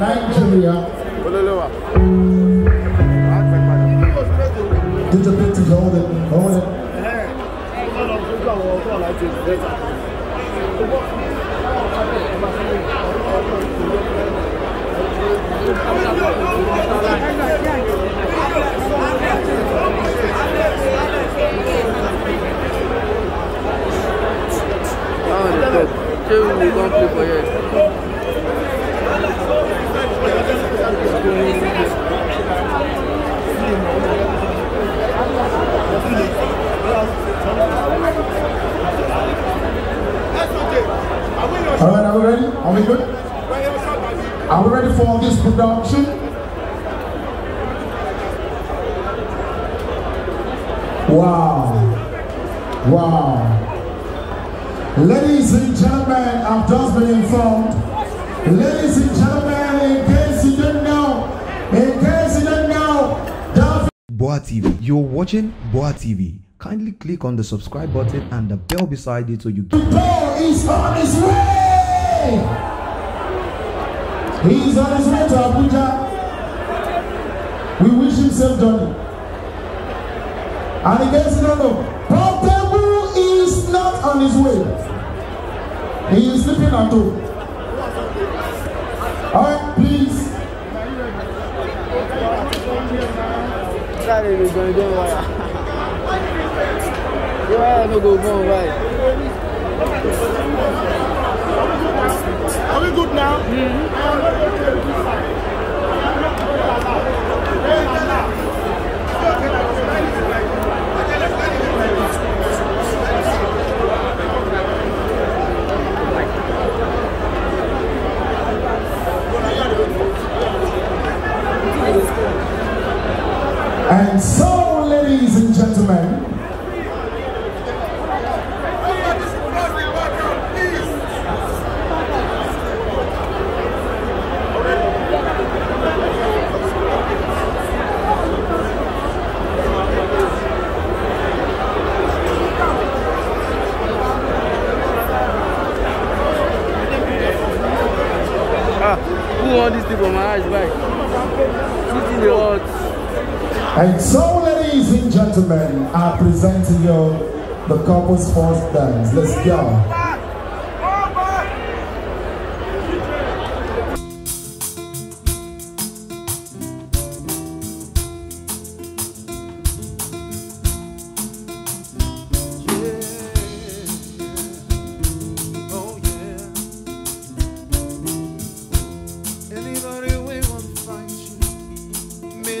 Nigeria. Did ah, the pictures hold it? Hold it. Oh, the Two, we don't play for yet. ready for this production. Wow. Wow. Ladies and gentlemen, I've just been informed. Ladies and gentlemen, in case you didn't know, in case you didn't know, Boa TV. You're watching Boa TV. Kindly click on the subscribe button and the bell beside it so you. The bell is on its way! He is on his way to Abuja. We wish him safe journey. And against case no. don't know, Portable is not on his way. He is sleeping at home. All right, please. Sorry, we're going to do You are not go to go right. And so, ladies and gentlemen, ah, who won this thing for my eyes right? Sitting the odds. And so, ladies and gentlemen, I present to you the couple's first dance. Let's go.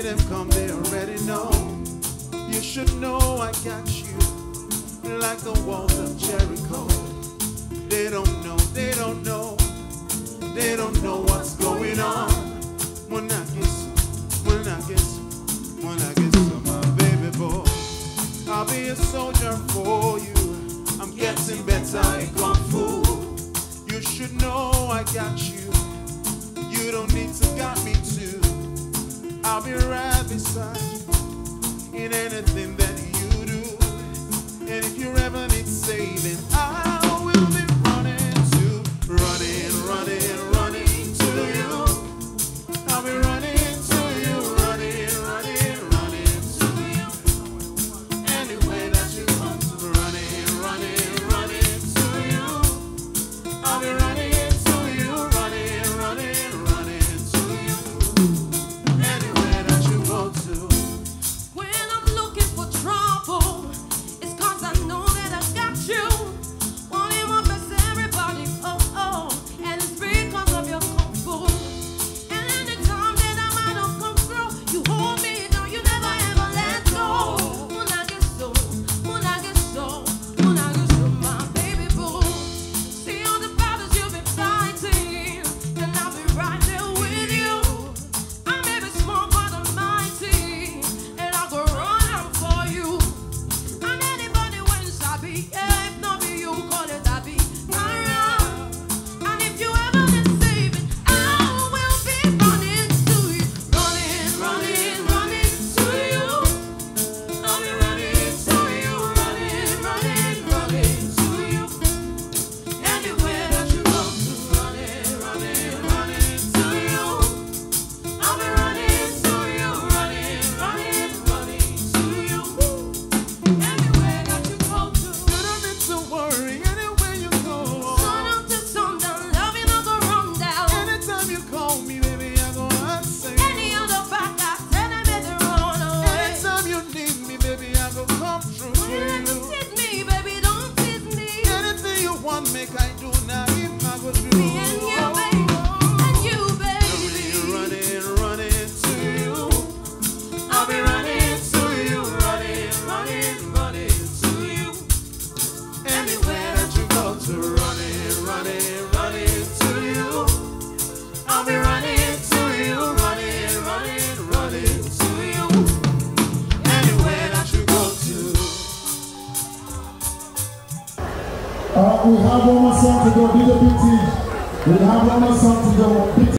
Oh, them come there know, you should know I got you like the walls of Jericho. They don't know, they don't know, they don't know what's going on. When I kiss, when I kiss, when I kiss my baby boy, I'll be a soldier for you. I'm getting better in kung fu. You should know I got you. You don't need to got me too. I'll be right beside. Father. do not we have almost something to go. Do the big We have almost something to go.